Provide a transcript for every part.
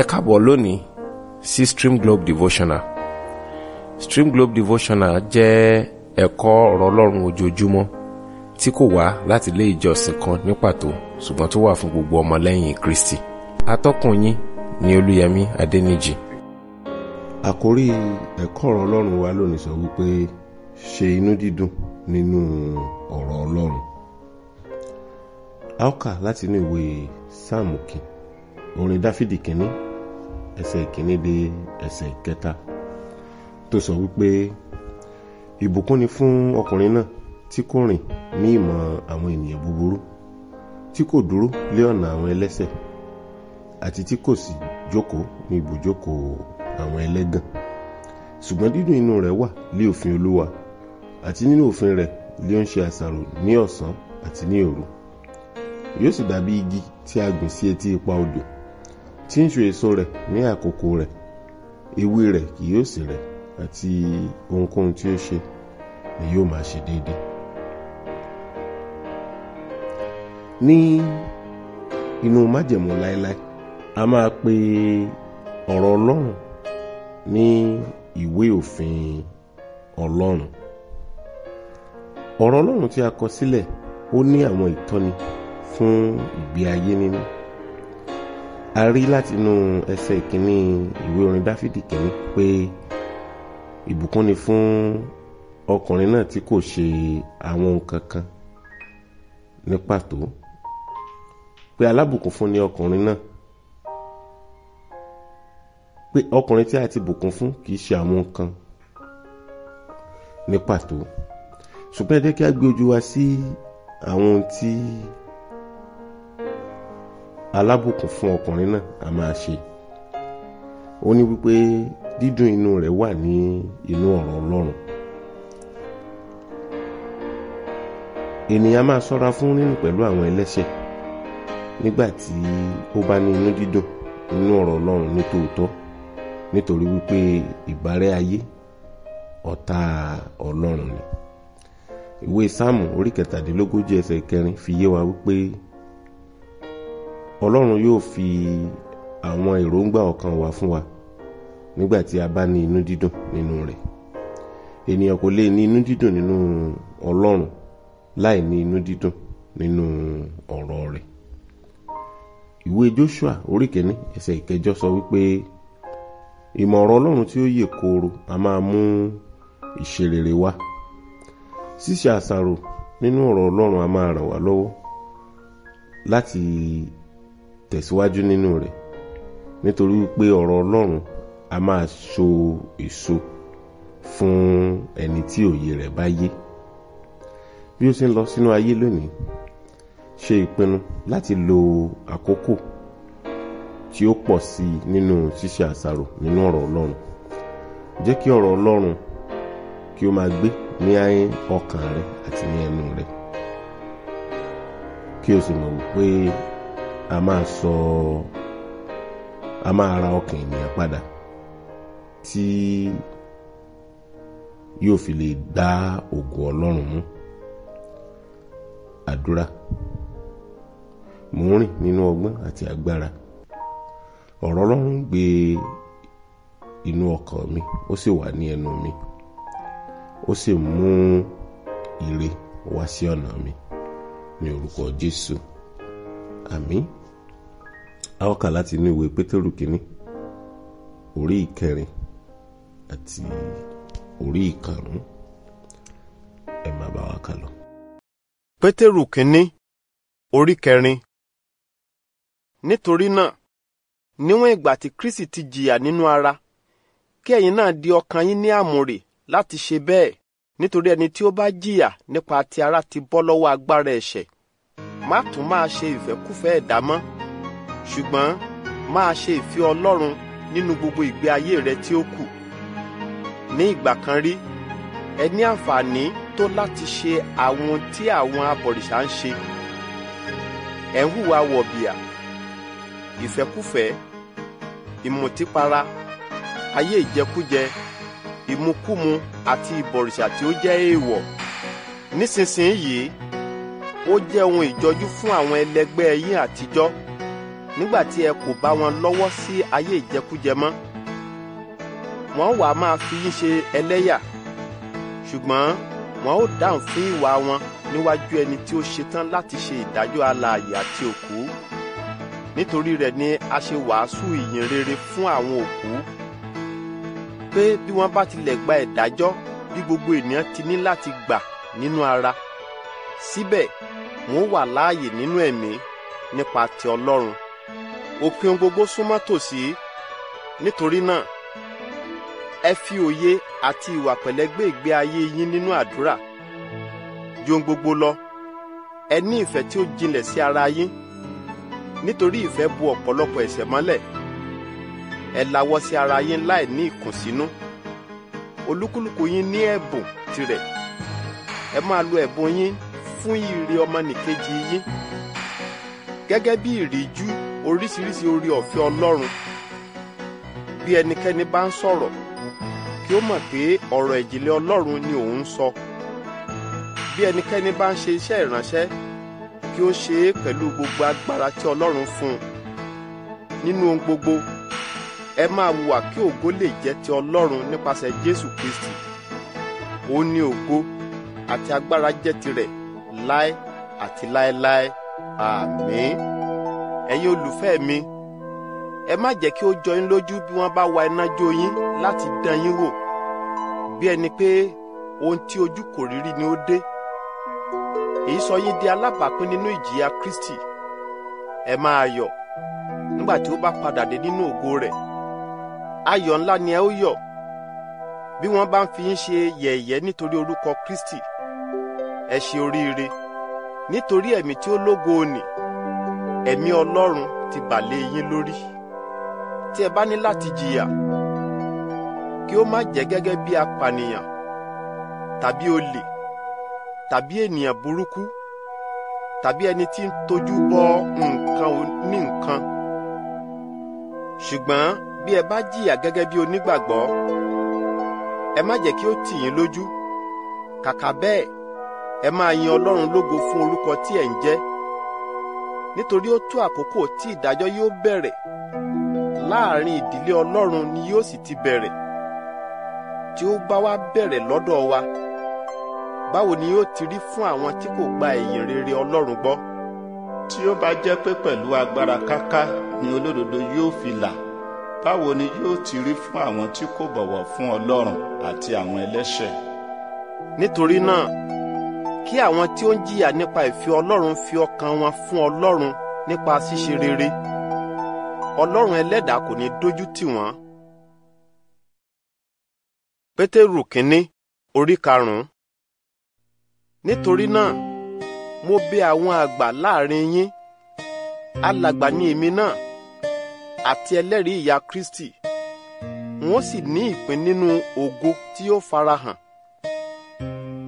ẹ káàbọ̀ lónìí sí Stream Globe Devotional Stream Globe Devotional jẹ́ ẹ̀kọ́ ọ̀rọ̀ ọlọ́run ojoojúmọ́ tí kò wá láti ilé ìjọsìn kan ní pàtó ṣùgbọ́n tó wà fún gbogbo ọmọlẹ́yìn Kristi atọ́kùn yín ni Olúyẹmí Adẹ́nìjì. àkórí ẹ̀kọ́ ọ̀rọ̀ ọlọ́run wa lónìí sọ wípé ṣe inú dídùn nínú ọ̀rọ̀ ọlọ́run a ó kà láti inú ìwé sáàmù kìíní orin dáfídì kínní ẹsẹ̀ kínní dé ẹsẹ̀ kẹta tó sọ wípé ìbùkún ni fún ọkùnrin náà tí kò rìn ní ìmọ̀ àwọn ènìyàn búburú tí kò dúró lé ọ̀nà àwọn ẹlẹ́ṣẹ̀ àti tí kò sì jókòó ní ibùjókòó àwọn ẹlẹ́gàn ṣùgbọ́n dídùn inú rẹ̀ wà lé òfin olúwa àti nínú òfin rẹ̀ lé ó ń ṣe àṣàrò ní ọ̀sán àti ní òru yóò sì dàbí igi tí a gbìn sí etí ipa odò tí ń so èso rẹ̀ ní àkókò rẹ̀ ewé rẹ̀ kì yóò sì rẹ̀ àti ohunkóhun tí ó ṣe ni yóò máa ṣe déédéé. ní inú májẹ̀mú láéláé a máa pe ọ̀rọ̀ ọlọ́run ní ìwé òfin ọlọ́run ọ̀rọ̀ ọlọ́run tí a kọ sílẹ̀ ó ní àwọn ìtọ́ni fún ìgbé ayé nínú a rí látinú ẹsẹ̀ ìkíní ìwé orin dáfídì kìíní pé ìbùkún ni fún ọkùnrin náà tí kò ṣe àwọn nǹkan kan ní pàtó pé alábùkún fún ni ọkùnrin náà pé ọkùnrin tí a ti bùkún fún kì ṣe àwọn nǹkan ní pàtó ṣùgbọ́n ẹ jẹ́ kí a gbé ojú wa sí àwọn ohun tí. Si alábùkún fún ọkùnrin náà a máa ṣe ó ní wípé dídùn inú rẹ̀ wà ní inú ọ̀rọ̀ Ọlọ́run ènìyàn máa ṣọ́ra fún nínú pẹ̀lú àwọn ẹlẹ́ṣẹ̀ nígbà tí ó bá ní inú dídùn nínú ọ̀rọ̀ Ọlọ́run ní tòótọ́ nítorí wípé ìbárẹ́ ayé ọ̀tá Ọlọ́run ni ìwé sáàmù orí kẹtàdínlógójì ẹsẹ̀ kẹrin fi yé wa wípé ọlọ́run yóò fi àwọn èròǹgbà ọkàn wa fún wa nígbà tí a bá ní inú dídùn nínú rẹ̀ ènìyàn kò lè ní inú dídùn nínú ọlọ́run láì ní inú dídùn nínú ọ̀rọ̀ rẹ̀ ìwé Joshua orí kìíní ẹsẹ̀ ìkẹjọ sọ wípé ìmọ̀ ọlọ́run tí ó yè kooro a máa mú ìṣerere wá ṣíṣe àṣàrò nínú ọ̀rọ̀ ọlọ́run a máa ràn wá lọ́wọ́ láti tẹ̀síwájú nínú rẹ̀ nítorí pé ọ̀rọ̀ Ọlọ́run a máa so èso fún ẹni tí òye rẹ̀ bá yé bí ó ṣe ń lọ sínú ayé lónìí ṣe ìpinnu láti lo àkókò tí ó pọ̀ sí i nínú ṣíṣe àṣàrò nínú ọ̀rọ̀ Ọlọ́run jẹ́ kí ọ̀rọ̀ Ọlọ́run kí ó máa gbé ní ọkàn rẹ àti ní ẹnu rẹ kí o sì mọ̀ wípé a máa sọ a máa ra ọkàn ènìyàn padà tí yóò fi lè dá ògo Ọlọ́run mú àdúrà mò ń rìn nínú ọgbọ́n àti agbára ọ̀rọ̀ Ọlọ́run gbé inú ọkàn mi ó sì wà ní ẹnu mi ó sì mú ire wá sí ọ̀nà mi ní orúkọ Jésù àmì a ó kà láti inú ìwé pétérù kínní orí ìkẹrin àti orí ìkarùn ẹ máa bá wa kà lọ. pétérù kínní orí kẹrin nítorí náà níwọ̀n ìgbà tí kristi ti jìyà nínú ara kí ẹ̀yin náà di ọkàn yín ní àmùrè láti ṣe bẹ́ẹ̀ nítorí ẹni tí ó bá jìyà nípa ti ara ti bọ́ lọ́wọ́ agbára ẹ̀ṣẹ̀ má tún máa ṣe ìfẹ́kúfẹ́ ẹ̀dá mọ́ ṣùgbọ́n máa ṣe ìfẹ́ Ọlọ́run nínú gbogbo ìgbé ayé rẹ tí ó kù ní ìgbà kan rí ẹ ní àǹfààní tó láti ṣe àwọn tí àwọn abọ̀rìṣà ń ṣe ẹ ń hùwà wọ̀bìà ìfẹ́kúfẹ́ ìmùtípara ayé ìjẹkújẹ ìmukúmu àti ìbọ̀rìṣà tí ó jẹ́ èèwọ̀ nísinsìnyí ó jẹ́ ohun ìjọjú fún àwọn ẹlẹgbẹ́ yín àtijọ́ nígbà tí ẹ kò bá wọn lọ́wọ́ sí ayé ìjẹkújẹ mọ́ wọn wàá máa fi yín ṣe ẹlẹ́yà ṣùgbọ́n wọn ó dáhùn fún ìwà wọn níwájú ẹni tí ó ṣetán láti ṣe ìdájọ́ alààyè àti òkú nítorí rẹ̀ ni a ṣe wàásù ìyìn rere fún àwọn òkú pé bí wọ́n bá tilẹ̀ gba ìdájọ́ bí gbogbo ènìyàn ti ní láti gbà nínú ara síbẹ̀ wọ́n wà láàyè nínú ẹ̀mí nípa ti ọlọ́run òpin gbogbo súnmọ́ tòsí nítorí náà ẹ fi òye àti ìwà pẹ̀lẹ́ gbé ìgbé ayé yín nínú àdúrà ju ohun gbogbo lọ ẹ ní ìfẹ́ tí ó jinlẹ̀ sí ara yín nítorí ìfẹ́ bu ọ̀pọ̀lọpọ̀ ẹ̀ṣẹ̀ mọ́lẹ̀ ẹ lawọ́ sí ara yín láì ní ìkùnsínú olúkúlùkù yín ní ẹ̀bùn tirẹ̀ ẹ máa lo ẹ̀bùn yín fún ìrè ọmọnìkejì yín gẹ́gẹ́ bí ìríjú oríṣiríṣi orí ọ̀fẹ́ Ọlọ́run bí ẹnikẹ́ni bá ń sọ̀rọ̀ kí ó mọ̀ pé ọ̀rọ̀ ìjìnlẹ̀ Ọlọ́run ni òun ń sọ bí ẹnikẹ́ni bá ń ṣe iṣẹ́ ìránṣẹ́ kí ó ṣe é pẹ̀lú gbogbo agbára tí Ọlọ́run fún nínú ohun gbogbo ẹ máa wùwà kí ògo lè jẹ́ ti Ọlọ́run nípasẹ̀ Jésù Kristi òun ni ògo àti agbára jẹ́ tirẹ̀ láé àti láéláé àmín ẹ̀yin olùfẹ́ mi ẹ má jẹ́ kí ó jọ yín lójú bí wọ́n bá wa iná jó yín láti dán yín wò bí ẹni pé ohun tí ojú kò rí rí ni ó dé èyí sọ yín di alábàápín nínú ìjìyà Kristi ẹ máa yọ̀ nígbà tí ó bá padà dé nínú ògo rẹ̀ ayọ̀ ńlá ni ẹ ó yọ̀ bí wọ́n bá ń fi yín ṣe yẹ̀yẹ́ nítorí orúkọ Kristi ẹ ṣe oríire nítorí ẹ̀mí tí ó lógo nì ẹ̀mí Ọlọ́run ti bà lé yín lórí tí ẹ bá ní láti jìyà kí ó má jẹ́ gẹ́gẹ́ bí apànìyàn tàbí olè tàbí ènìyàn burúkú tàbí ẹni tí ń tojú bọ nǹkan ní nǹkan ṣùgbọ́n bí ẹ bá jìyà gẹ́gẹ́ bí onígbàgbọ́ ẹ má jẹ́ kí ó tì yín lójú kàkà bẹ́ẹ̀ ẹ máa yin ọlọ́run lógo fún orúkọ tí ẹ̀ ń jẹ́ nítorí ó tó àkókò tí ìdájọ́ yóò bẹ̀rẹ̀ láàrin ìdílé ọlọ́run ni yóò sì ti bẹ̀rẹ̀ tí ó bá wá bẹ̀rẹ̀ lọ́dọ̀ wa báwo ni yóò ti rí fún àwọn tí kò gba ìyìn rere ọlọ́run gbọ́. tí ó bá jẹ́ pé pẹ̀lú agbára káká ni olódodo yóò fi là báwo ni yóò ti rí fún àwọn tí kò bọ̀wọ̀ fún ọlọ́run àti àwọn ẹlẹ́ṣẹ̀. nítorí náà kí àwọn tí ó ń jìyà nípa ìfẹ́ Ọlọ́run fi ọkàn wọn fún Ọlọ́run nípa ṣíṣe rere Ọlọ́run ẹlẹ́dàá kò ní dójú tì wọ́n. Pétérù kínní orí karùnún. Nítorí náà mo bẹ̀ àwọn àgbà láàrin yín alàgbà ni èmi náà àti ẹlẹ́rìí ìyà Kristi wọ́n sì ní ìpín nínú ògo tí ó farahàn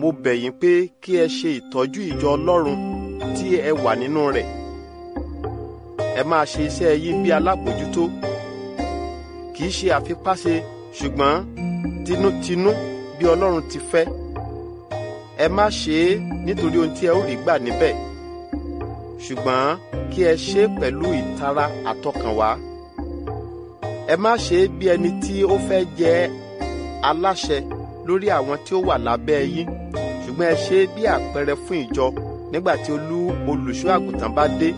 mo bẹ̀ yín pé kí ẹ ṣe ìtọ́jú ìjọ Ọlọ́run tí ẹ wà nínú rẹ̀ ẹ máa ṣe iṣẹ́ yín bí alábòjútó kì í ṣe àfipáṣe ṣùgbọ́n tinútinú bí Ọlọ́run ti fẹ́ ẹ má ṣe é nítorí ohun tí ẹ ó rí gbà níbẹ̀ ṣùgbọ́n kí ẹ ṣe é pẹ̀lú ìtara àtọkànwá ẹ má ṣe é bí ẹni tí ó fẹ́ jẹ́ aláṣẹ lórí àwọn tí ó wà lábẹ́ yín ṣùgbọ́n ẹ ṣe é bí àpẹẹrẹ fún ìjọ nígbà tí olú olùṣọ́ àgùntàn bá dé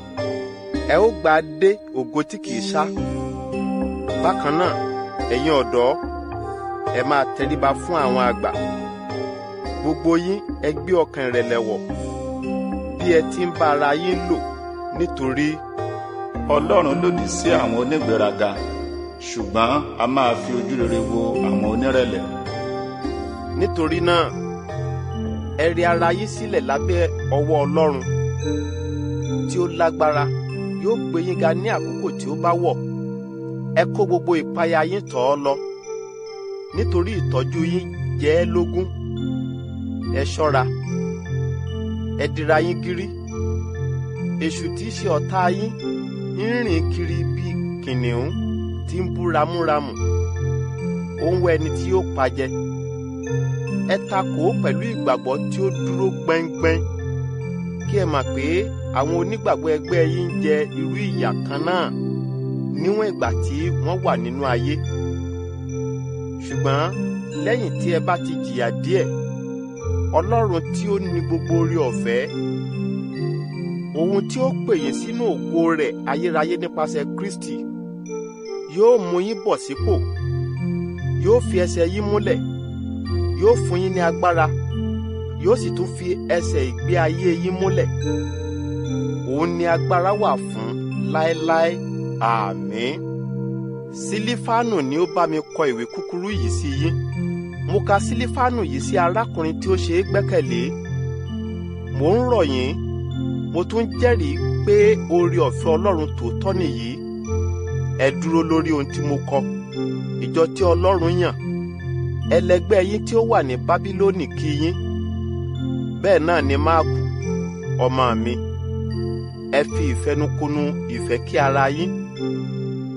ẹ ó gba adé ògo tí kìí ṣá bákan náà ẹ̀yin ọ̀dọ́ ẹ máa tẹríba fún àwọn àgbà gbogbo yín ẹ gbé ọkàn ìrẹ̀lẹ̀ bí ẹ ti ń bá ara yín lò nítorí. ọlọ́run lòdì sí àwọn onígbéraga ṣùgbọ́n a máa fi ojú rere wo àwọn onírẹ̀lẹ̀. nítorí náà ẹ ara yín sílẹ̀ lábẹ́ ọwọ́ Ọlọ́run tí ó lágbára yóò gbé yín ga ní àkókò tí ó bá wọ̀ ẹ kó gbogbo ìpayà yín tọ̀ ọ́ lọ nítorí ìtọ́jú yín jẹ ẹ́ lógún ẹ ṣọ́ra ẹ dira yín gírí èṣù tí í ṣe ọ̀tá yín ń rìn kiri bíi kìnìún tí ń bú ramúramù ó ń wá ẹni tí yóò pa jẹ. ẹ takò ó pẹ̀lú ìgbàgbọ́ tí ó dúró gbẹ́ngbẹ́ng kí ẹ mà pé àwọn onígbàgbọ́ ẹgbẹ́ yín ń jẹ irú ìyà kan náà níwọ̀n ìgbà tí wọ́n wà nínú ayé ṣùgbọ́n lẹ́yìn tí ẹ bá ti jìyà díẹ̀ ọlọ́run tí ó ní gbogbo orí ọ̀fẹ́ òun tí ó pèyè sínú ògo rẹ̀ ayérayé nípasẹ̀ Kristi yóò mú yín bọ̀ sípò yóò fi ẹsẹ̀ yín múlẹ̀ yóò fún yín ní agbára yóò sì tún fi ẹsẹ̀ ìgbé ayé yín múlẹ̀ òun ni agbára wà fún láéláé àmín sílífánù ni ó bá mi kọ ìwé kúkúrú yìí sí yín mo ka sílífánù yìí sí arákùnrin tí ó ṣe é gbẹ́kẹ̀lé mo ń rọ̀ yín mo tún jẹ́rìí pé oore ọ̀fẹ́ ọlọ́run tòótọ́ nìyí ẹ dúró lórí ohun tí mo kọ ìjọ tí ọlọ́run yàn ẹlẹgbẹ́ yín tí ó wà ní bábílónì kí yín bẹ́ẹ̀ náà ni máàkù ọmọ mi ẹ fi ìfẹnukunu ìfẹ́ kí ara yín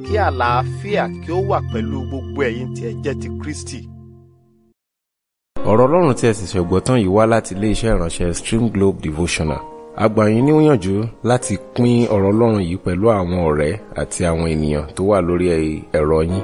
kí àlàáfíà kí ó wà pẹ̀lú gbogbo ẹ̀yin tí ẹ jẹ́ ti Kristi. ọ̀rọ̀ ọlọ́run tí ẹ sì ṣẹ̀gbọ́ tán yìí wá láti iléeṣẹ́ ìránṣẹ́ Stream Globe Devotional a ni yín níyànjú láti pín ọ̀rọ̀ ọlọ́run yìí pẹ̀lú àwọn ọ̀rẹ́ àti àwọn ènìyàn tó wà lórí ẹ̀rọ yín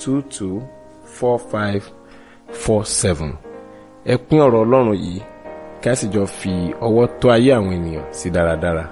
22 45 47. ẹ pín ọ̀rọ̀ ọlọ́run yìí kí a sì jọ fi ọwọ́ tó ayé àwọn ènìyàn sí dáradára.